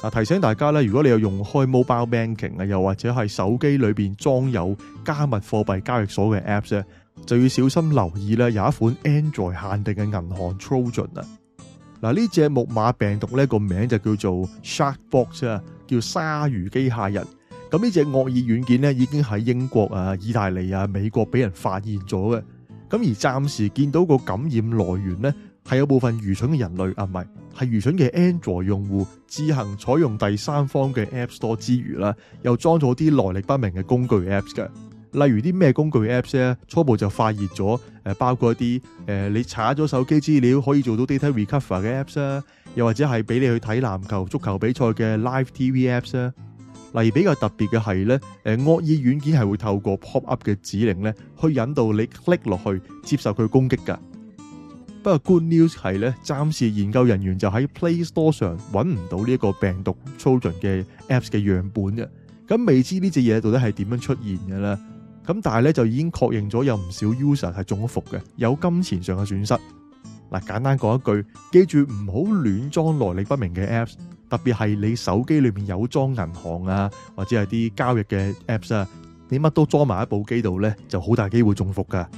嗱，提醒大家咧，如果你有用開 mobile banking 啊，又或者係手機裏面裝有加密貨幣交易所嘅 Apps 咧，就要小心留意咧。有一款 Android 限定嘅銀行 Trojan 啊，嗱，呢隻木馬病毒咧，個名就叫做 Sharkbot 啊，叫鯊魚機械人。咁呢隻惡意軟件咧已經喺英國啊、意大利啊、美國俾人發現咗嘅。咁而暫時見到個感染來源咧，係有部分愚蠢嘅人類啊，唔係愚蠢嘅 Android 用戶自行採用第三方嘅 App Store 之餘啦，又裝咗啲來歷不明嘅工具 Apps 嘅，例如啲咩工具 Apps 咧，初步就發熱咗，包括一啲、呃、你查咗手機資料可以做到 data recover 嘅 Apps 啊，又或者係俾你去睇籃球、足球比賽嘅 live TV Apps 啊，例如比較特別嘅係咧，呃、惡意軟件係會透過 pop up 嘅指令咧，去引導你 click 落去接受佢攻擊㗎。不過 good news 係咧，暫時研究人員就喺 Play Store 上揾唔到呢個病毒 Trojan 嘅 apps 嘅樣本嘅，咁未知呢隻嘢到底係點樣出現嘅咧？咁但係咧就已經確認咗有唔少 user 係中咗伏嘅，有金錢上嘅損失。嗱，簡單講一句，記住唔好亂裝來歷不明嘅 apps，特別係你手機裏面有裝銀行啊或者係啲交易嘅 apps 啊，你乜都裝埋喺部機度咧，就好大機會中伏噶。